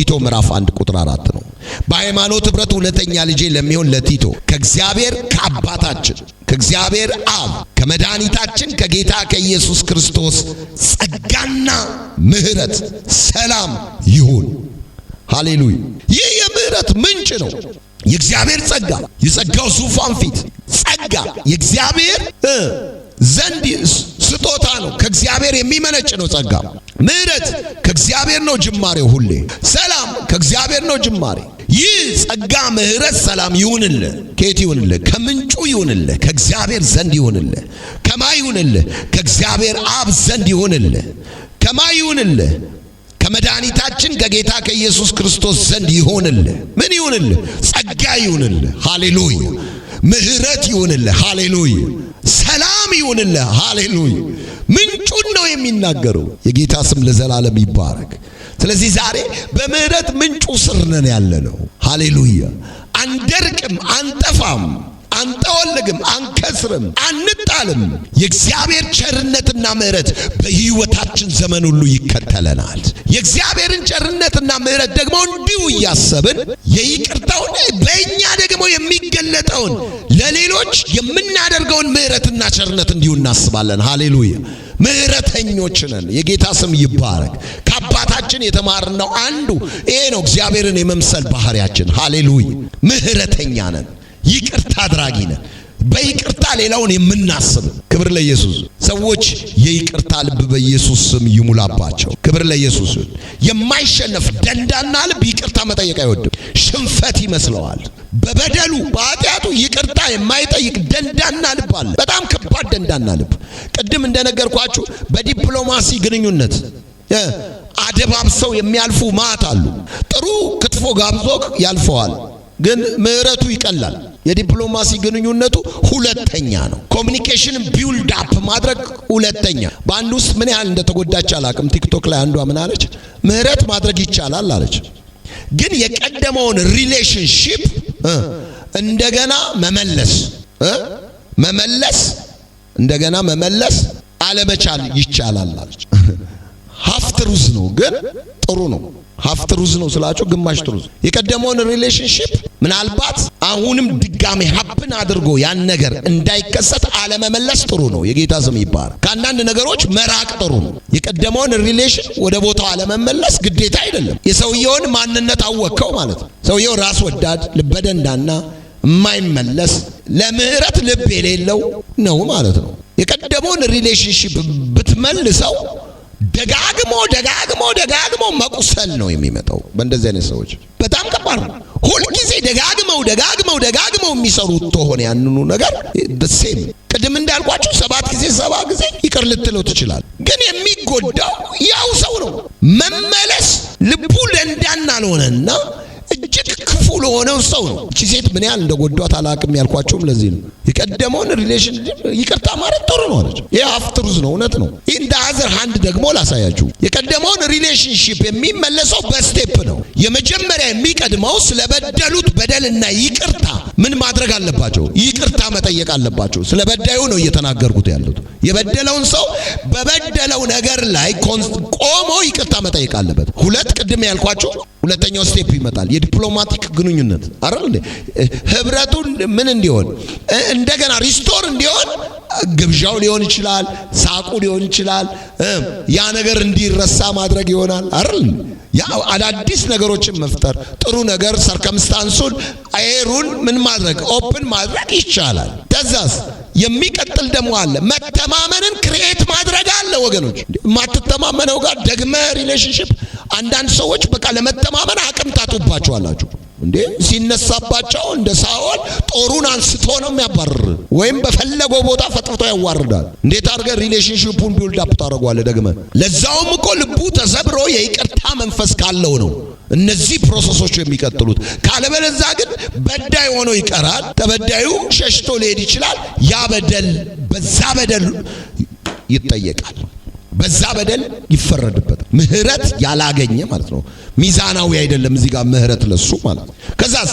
ቲቶ ምዕራፍ 1 ቁጥር 4 ነው። በሃይማኖት ህብረት ሁለተኛ ልጄ ለሚሆን ለቲቶ ከእግዚአብሔር ከአባታችን ከእግዚአብሔር አብ ከመድኃኒታችን ከጌታ ከኢየሱስ ክርስቶስ ጸጋና ምህረት ሰላም ይሁን። ሃሌሉያ! ይህ የምህረት ምንጭ ነው። የእግዚአብሔር ጸጋ የጸጋው ዙፋን ፊት ጸጋ የእግዚአብሔር ዘንድ ስጦታ ነው። ከእግዚአብሔር የሚመነጭ ነው ጸጋ ምሕረት ከእግዚአብሔር ነው ጅማሬው ሁሌ። ሰላም ከእግዚአብሔር ነው ጅማሬ። ይህ ጸጋ፣ ምሕረት፣ ሰላም ይሁንልህ። ከየት ይሁንልህ? ከምንጩ ይሁንልህ፣ ከእግዚአብሔር ዘንድ ይሁንልህ። ከማ ይሁንልህ? ከእግዚአብሔር አብ ዘንድ ይሁንልህ። ከማ ይሁንልህ? ከመድኃኒታችን ከጌታ ከኢየሱስ ክርስቶስ ዘንድ ይሁንልህ። ምን ይሁንልህ? ጸጋ ይሁንልህ። ሃሌሉያ። ምሕረት ይሁንልህ። ሃሌሉያ። ሰላም ይሁንልህ። ሃሌሉያ። ምን ምንጩን ነው የሚናገረው። የጌታ ስም ለዘላለም ይባረክ። ስለዚህ ዛሬ በምህረት ምንጩ ስር ነን ያለ ነው። ሃሌሉያ። አንደርቅም፣ አንጠፋም፣ አንጠወልግም፣ አንከስርም፣ አንጣልም። የእግዚአብሔር ቸርነትና ምህረት በሕይወታችን ዘመን ሁሉ ይከተለናል። የእግዚአብሔርን ቸርነትና ምህረት ደግሞ እንዲሁ እያሰብን የይቅርታውን በእኛ ደግሞ የሚገለጠውን ለሌሎች የምናደርገውን ምህረትና ቸርነት እንዲሁ እናስባለን። ሃሌሉያ ምሕረተኞች ነን። የጌታ ስም ይባረክ። ከአባታችን የተማርነው አንዱ ይሄ ነው፣ እግዚአብሔርን የመምሰል ባህሪያችን። ሃሌሉያ! ምሕረተኛ ነን፣ ይቅርታ አድራጊ ነን። በይቅርታ ሌላውን የምናስብ ክብር ለኢየሱስ። ሰዎች የይቅርታ ልብ በኢየሱስ ስም ይሙላባቸው። ክብር ለኢየሱስ። የማይሸነፍ ደንዳና ልብ ይቅርታ መጠየቅ አይወድም። ሽንፈት ይመስለዋል። በበደሉ በኃጢአቱ ይቅርታ የማይጠይቅ ደንዳና ልብ አለ። በጣም ከባድ ደንዳና ልብ። ቅድም እንደነገርኳችሁ በዲፕሎማሲ ግንኙነት አደባብሰው የሚያልፉ ማት አሉ። ጥሩ ክትፎ ጋብዞክ ያልፈዋል፣ ግን ምሕረቱ ይቀላል። የዲፕሎማሲ ግንኙነቱ ሁለተኛ ነው። ኮሚኒኬሽንን ቢውልድ አፕ ማድረግ ሁለተኛ። በአንድ ውስጥ ምን ያህል እንደተጎዳች አላቅም። ቲክቶክ ላይ አንዷ ምን አለች? ምህረት ማድረግ ይቻላል አለች፣ ግን የቀደመውን ሪሌሽንሺፕ እንደገና መመለስ መመለስ እንደገና መመለስ አለመቻል ይቻላል አለች። ሀፍ ነው፣ ግን ጥሩ ነው። ሀፍ ትሩዝ ነው ስላቸው ግማሽ ትሩዝ የቀደመውን ሪሌሽንሽፕ ምናልባት አሁንም ድጋሜ ሀፕን አድርጎ ያን ነገር እንዳይከሰት አለመመለስ ጥሩ ነው። የጌታ ስም ይባላል። ከአንዳንድ ነገሮች መራቅ ጥሩ ነው። የቀደመውን ሪሌሽን ወደ ቦታው አለመመለስ ግዴታ አይደለም። የሰውየውን ማንነት አወቅከው ማለት ነው። ሰውየው ራስ ወዳድ፣ ልበደንዳና የማይመለስ ለምህረት ልብ የሌለው ነው ማለት ነው። የቀደመውን ሪሌሽንሽፕ ብትመልሰው ደጋግሞ ደጋ ደጋግሞ መቁሰል ነው የሚመጣው በእንደዚህ አይነት ሰዎች። በጣም ከባድ ነው። ሁልጊዜ ደጋግመው ደጋግመው ደጋግመው የሚሰሩት ተሆነ ያንኑ ነገር ደሴም ቅድም እንዳልኳቸው ሰባት ጊዜ ሰባ ጊዜ ይቅር ልትለው ትችላል፣ ግን የሚጎዳው ያው ሰው ነው። መመለስ ልቡ ለእንዳና አልሆነና እጅግ ክፉ ለሆነው ሰው ነው። እቺ ሴት ምን ያህል እንደጎዷት አላቅም ያልኳቸውም ለዚህ ነው። የቀደመውን ሪሌሽን ይቅርታ ማለት ጥሩ ነው አለች። ይህ አፍትሩዝ ነው፣ እውነት ነው። ይህ እንደ አዘር ሀንድ ደግሞ ላሳያችሁ። የቀደመውን ሪሌሽንሽፕ የሚመለሰው በስቴፕ ነው። የመጀመሪያ የሚቀድመው ስለበደሉት በደልና ይቅርታ ምን ማድረግ አለባቸው? ይቅርታ መጠየቅ አለባቸው። ስለ በዳዩ ነው እየተናገርኩት ያሉት። የበደለውን ሰው በበደለው ነገር ላይ ቆሞ ይቅርታ መጠየቅ አለበት። ሁለት ቅድም ያልኳቸው ሁለተኛው ስቴፕ ይመጣል። የዲፕሎማቲክ ግንኙነት አይደል ህብረቱን ምን እንዲሆን እንደገና ሪስቶር እንዲሆን ግብዣው ሊሆን ይችላል፣ ሳቁ ሊሆን ይችላል። ያ ነገር እንዲረሳ ማድረግ ይሆናል አይደል? ያ አዳዲስ ነገሮችን መፍጠር ጥሩ ነገር ሰርከምስታንሱን አየሩን ምን ማድረግ ኦፕን ማድረግ ይቻላል። ተዛስ የሚቀጥል ደግሞ አለ መተማመንን ክሬት ማድረግ አለ። ወገኖች የማትተማመነው ጋር ደግመ ሪሌሽንሽፕ አንዳንድ ሰዎች በቃ ለመተማመን አቅም ታጡባችኋላችሁ። እንዴ ሲነሳባቸው እንደ ሳኦል ጦሩን አንስቶ ነው የሚያባርር፣ ወይም በፈለገው ቦታ ፈጥፍቶ ያዋርዳል። እንዴት አድርገ ሪሌሽንሽፑን ቢውልድ አፕ ታደርገዋለህ? ደግመ ለዛውም እኮ ልቡ ተሰብሮ የይቅርታ መንፈስ ካለው ነው እነዚህ ፕሮሰሶች የሚቀጥሉት። ካለበለዛ ግን በዳይ ሆኖ ይቀራል። ተበዳዩ ሸሽቶ ሊሄድ ይችላል። ያ በደል በዛ በደል ይጠየቃል። በዛ በደል ይፈረድበታል። ምህረት ያላገኘ ማለት ነው። ሚዛናዊ አይደለም። እዚህ ጋር ምህረት ለሱ ማለት ነው። ከዛስ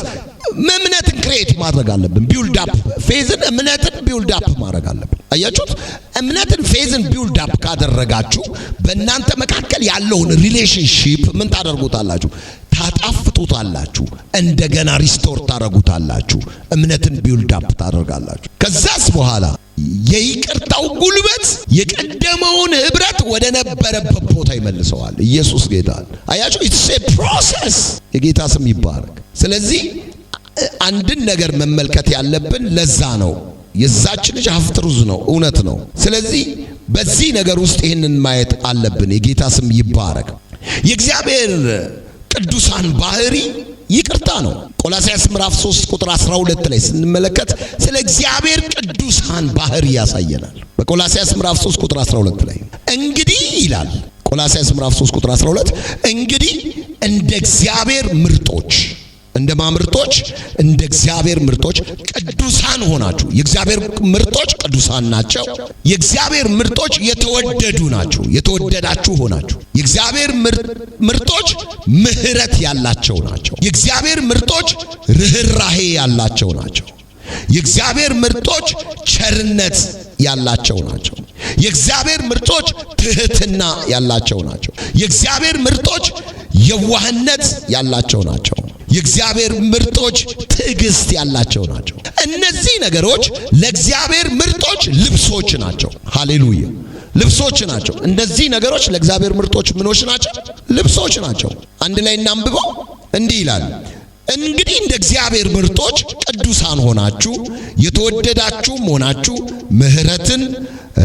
እምነትን ክሬት ማድረግ አለብን። ቢውልድ አፕ ፌዝን እምነትን ቢውልድ አፕ ማድረግ አለብን። አያችሁት? እምነትን ፌዝን ቢውልድ አፕ ካደረጋችሁ በእናንተ መካከል ያለውን ሪሌሽንሺፕ ምን ታደርጉታላችሁ? ታጣፍጡታላችሁ። እንደገና ሪስቶር ታደርጉታላችሁ። እምነትን ቢውልድ አፕ ታደርጋላችሁ። ከዛስ በኋላ የይቅርታው ጉልበት የቀደመውን ህብረት ወደ ነበረበት ቦታ ይመልሰዋል። ኢየሱስ ጌታ አያችሁ፣ ኢትስ ኤ ፕሮሰስ። የጌታ ስም ይባረክ። ስለዚህ አንድን ነገር መመልከት ያለብን ለዛ ነው። የዛች ልጅ ሀፍትሩዝ ነው፣ እውነት ነው። ስለዚህ በዚህ ነገር ውስጥ ይህንን ማየት አለብን። የጌታ ስም ይባረክ። የእግዚአብሔር ቅዱሳን ባህሪ ይቅርታ ነው። ቆላስያስ ምዕራፍ 3 ቁጥር 12 ላይ ስንመለከት ስለ እግዚአብሔር ቅዱሳን ባህር ያሳየናል። በቆላስያስ ምዕራፍ 3 ቁጥር 12 ላይ እንግዲህ ይላል ቆላስያስ ምዕራፍ 3 ቁጥር 12 እንግዲህ እንደ እግዚአብሔር ምርጦች እንደ ማምርቶች እንደ እግዚአብሔር ምርቶች ቅዱሳን ሆናችሁ። የእግዚአብሔር ምርቶች ቅዱሳን ናቸው። የእግዚአብሔር ምርቶች የተወደዱ ናቸው። የተወደዳችሁ ሆናችሁ። የእግዚአብሔር ምርቶች ምሕረት ያላቸው ናቸው። የእግዚአብሔር ምርቶች ርኅራሄ ያላቸው ናቸው። የእግዚአብሔር ምርጦች ቸርነት ያላቸው ናቸው። የእግዚአብሔር ምርጦች ትህትና ያላቸው ናቸው። የእግዚአብሔር ምርጦች የዋህነት ያላቸው ናቸው። የእግዚአብሔር ምርጦች ትዕግስት ያላቸው ናቸው። እነዚህ ነገሮች ለእግዚአብሔር ምርጦች ልብሶች ናቸው። ሃሌሉያ ልብሶች ናቸው። እነዚህ ነገሮች ለእግዚአብሔር ምርጦች ምኖች ናቸው፣ ልብሶች ናቸው። አንድ ላይ እናንብበው። እንዲህ ይላል እንግዲህ እንደ እግዚአብሔር ምርጦች ቅዱሳን ሆናችሁ የተወደዳችሁም ሆናችሁ ምሕረትን፣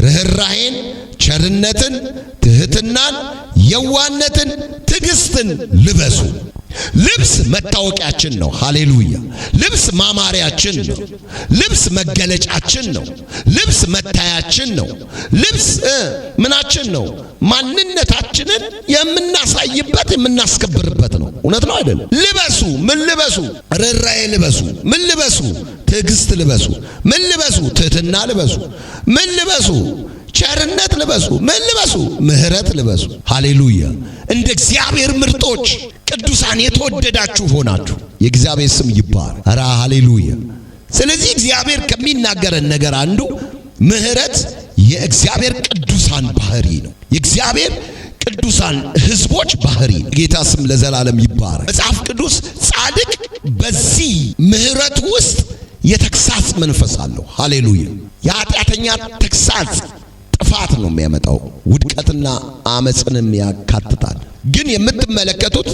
ርኅራሄን፣ ቸርነትን፣ ትሕትናን፣ የዋነትን፣ ትዕግስትን ልበሱ። ልብስ መታወቂያችን ነው። ሃሌሉያ! ልብስ ማማሪያችን ነው። ልብስ መገለጫችን ነው። ልብስ መታያችን ነው። ልብስ ምናችን ነው? ማንነታችንን የምናሳይበት የምናስከብርበት ነው። እውነት ነው አይደለም? ልበሱ። ምን ልበሱ? ርኅራኄ ልበሱ። ምን ልበሱ? ትዕግስት ልበሱ። ምን ልበሱ? ትህትና ልበሱ። ምን ልበሱ? ቸርነት ልበሱ። ምን ልበሱ? ምህረት ልበሱ። ሃሌሉያ! እንደ እግዚአብሔር ምርጦች ቅዱሳን የተወደዳችሁ ሆናችሁ የእግዚአብሔር ስም ይባል። ኧረ ሃሌሉያ! ስለዚህ እግዚአብሔር ከሚናገረን ነገር አንዱ ምህረት የእግዚአብሔር ቅዱሳን ባህሪ ነው። የእግዚአብሔር ቅዱሳን ህዝቦች ባህሪ ነው። ጌታ ስም ለዘላለም ይባረክ። መጽሐፍ ቅዱስ ጻድቅ በዚህ ምህረት ውስጥ የተግሳጽ መንፈስ አለው። ሃሌሉያ! የኃጢአተኛ ተግሳጽ ጥፋት ነው የሚያመጣው። ውድቀትና አመፅንም ያካትታል። ግን የምትመለከቱት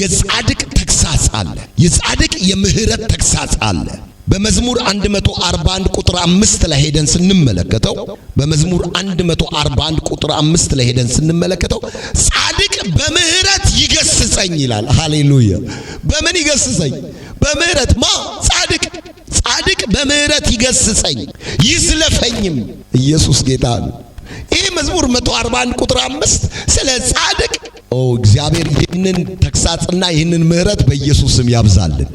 የጻድቅ ተግሳጽ አለ። የጻድቅ የምህረት ተግሳጽ አለ። በመዝሙር 141 ቁጥር 5 ላይ ሄደን ስንመለከተው በመዝሙር 141 ቁጥር 5 ላይ ሄደን ስንመለከተው ጻድቅ በምህረት ይገስጸኝ ይላል። ሃሌሉያ! በምን ይገስጸኝ? በምህረት ማ ጻድቅ ጻድቅ በምህረት ይገስጸኝ ይስለፈኝም። ኢየሱስ ጌታ ነው። ይህ መዝሙር 141 ቁጥር 5 ስለ ጻድቅ ኦ እግዚአብሔር ይህንን ተግሳጽና ይህንን ምህረት በኢየሱስ ስም ያብዛልን።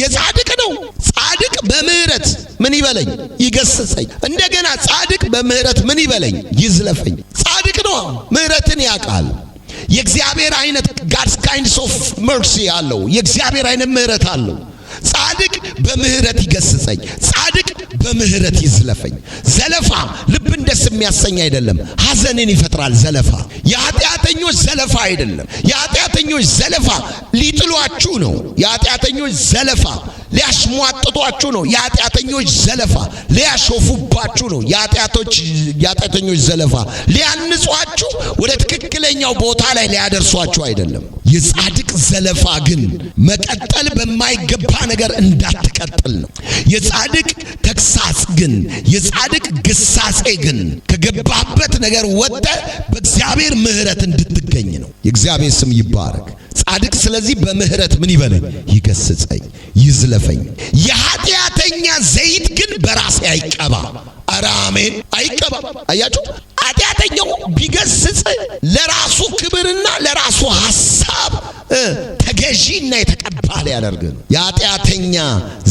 የጻድቅ ነው። ጻድቅ በምህረት ምን ይበለኝ? ይገስጸኝ። እንደገና ጻድቅ በምህረት ምን ይበለኝ? ይዝለፈኝ። ጻድቅ ነው። ምህረትን ያውቃል። የእግዚአብሔር አይነት ጋድስ ካይንድስ ኦፍ መርሲ አለው። የእግዚአብሔር አይነት ምህረት አለው። ጻድቅ በምህረት ይገስጸኝ፣ ጻድቅ በምህረት ይዝለፈኝ። ዘለፋ ልብን ደስ የሚያሰኝ አይደለም፣ ሐዘንን ይፈጥራል። ዘለፋ የኃጢአተኞች ዘለፋ አይደለም። የኃጢአተኞች ዘለፋ ሊጥሏችሁ ነው። የኃጢአተኞች ዘለፋ ሊያሽሟጥጧችሁ ነው የኃጢአተኞች ዘለፋ፣ ሊያሾፉባችሁ ነው የኃጢአተኞች ዘለፋ፣ ሊያንጿችሁ ወደ ትክክለኛው ቦታ ላይ ሊያደርሷችሁ አይደለም። የጻድቅ ዘለፋ ግን መቀጠል በማይገባ ነገር እንዳትቀጥል ነው። የጻድቅ ተግሳጽ ግን የጻድቅ ግሳጼ ግን ከገባበት ነገር ወጥተህ በእግዚአብሔር ምሕረት እንድትገኝ ነው። የእግዚአብሔር ስም ይባረክ። ጻድቅ ስለዚህ በምህረት ምን ይበለኝ? ይገስጸኝ፣ ይዝለፈኝ። የኃጢአተኛ ዘይት ግን በራሴ አይቀባ። ኧረ አሜን! አይቀባ። አያችሁ፣ ኃጢአተኛው ቢገስጽ ለራሱ ክብርና ለራሱ ሐሳብ ተገዢና የተቀባ ያደርግን። የኃጢአተኛ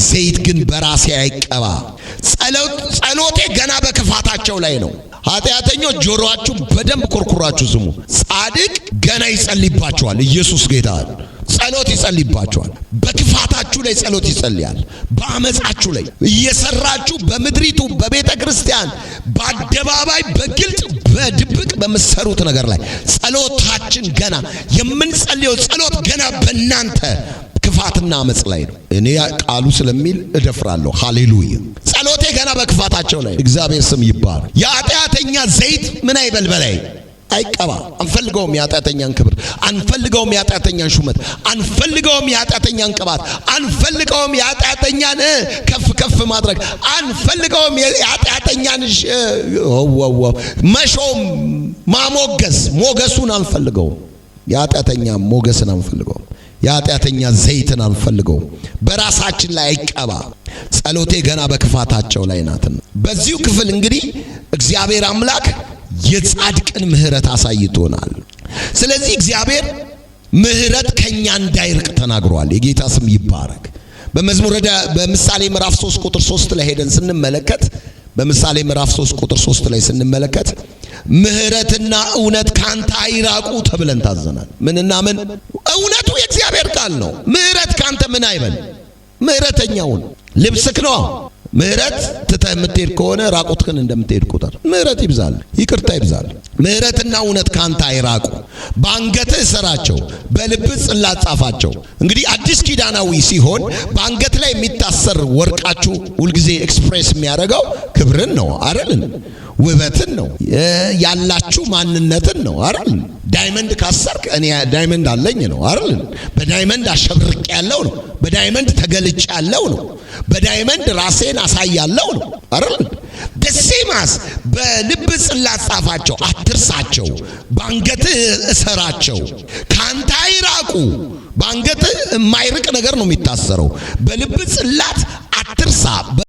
ዘይት ግን በራሴ አይቀባ። ጸሎት ጆሮአቸው ላይ ነው። ኃጢአተኞች ጆሮአችሁ በደንብ ኮርኩራችሁ ስሙ። ጻድቅ ገና ይጸልይባችኋል። ኢየሱስ ጌታ ጸሎት ይጸልይባችኋል። በክፋታችሁ ላይ ጸሎት ይጸልያል። በአመፃችሁ ላይ እየሰራችሁ በምድሪቱ በቤተ ክርስቲያን በአደባባይ በግልጥ በድብቅ በምትሰሩት ነገር ላይ ጸሎታችን ገና የምንጸልየው ጸሎት ገና በእናንተ ክፋትና አመፅ ላይ ነው። እኔ ቃሉ ስለሚል እደፍራለሁ። ሃሌሉያ በክፋታቸው ላይ እግዚአብሔር ስም ይባል። የኃጢአተኛ ዘይት ምን አይበል በላይ አይቀባ። አንፈልገውም የኃጢአተኛን ክብር፣ አንፈልገውም የኃጢአተኛን ሹመት፣ አንፈልገውም የኃጢአተኛን ቅባት፣ አንፈልገውም የኃጢአተኛን ከፍ ከፍ ማድረግ፣ አንፈልገውም የኃጢአተኛን መሾም፣ ማሞገስ። ሞገሱን አንፈልገውም፣ የኃጢአተኛ ሞገስን አንፈልገውም። የኃጢአተኛ ዘይትን አንፈልገው። በራሳችን ላይ አይቀባ። ጸሎቴ ገና በክፋታቸው ላይ ናትና። በዚሁ ክፍል እንግዲህ እግዚአብሔር አምላክ የጻድቅን ምሕረት አሳይቶናል። ስለዚህ እግዚአብሔር ምሕረት ከኛ እንዳይርቅ ተናግሯል። የጌታ ስም ይባረክ። በመዝሙር በምሳሌ ምዕራፍ 3 ቁጥር 3 ላይ ሄደን ስንመለከት በምሳሌ ምዕራፍ 3 ቁጥር 3 ላይ ስንመለከት ምህረትና እውነት ካንተ አይራቁ ተብለን ታዘናል። ምንና ምን? እውነቱ የእግዚአብሔር ቃል ነው። ምህረት ካንተ ምን አይበል፣ ምህረተኛውን ልብስክ ነው ምህረት ትተህ የምትሄድ ከሆነ ራቁትህን እንደምትሄድ ቁጥር ምህረት ይብዛል፣ ይቅርታ ይብዛል። ምህረትና እውነት ካንተ አይራቁ። በአንገትህ ስራቸው፣ በልብህ ጽላት ጻፋቸው። እንግዲህ አዲስ ኪዳናዊ ሲሆን በአንገት ላይ የሚታሰር ወርቃችሁ ሁልጊዜ ኤክስፕሬስ የሚያደርገው ክብርን ነው አይደል? ውበትን ነው ያላችሁ ማንነትን ነው አይደል? ዳይመንድ ካሰርክ እኔ ዳይመንድ አለኝ ነው አይደል? በዳይመንድ አሸብርቅ ያለው ነው በዳይመንድ ተገልጫለው ነው። በዳይመንድ ራሴን አሳያለው ነው አይደል? ደሴማስ በልብ ጽላት ጻፋቸው፣ አትርሳቸው። ባንገት እሰራቸው፣ ካንተ አይራቁ። ባንገት የማይርቅ ነገር ነው የሚታሰረው። በልብ ጽላት አትርሳ።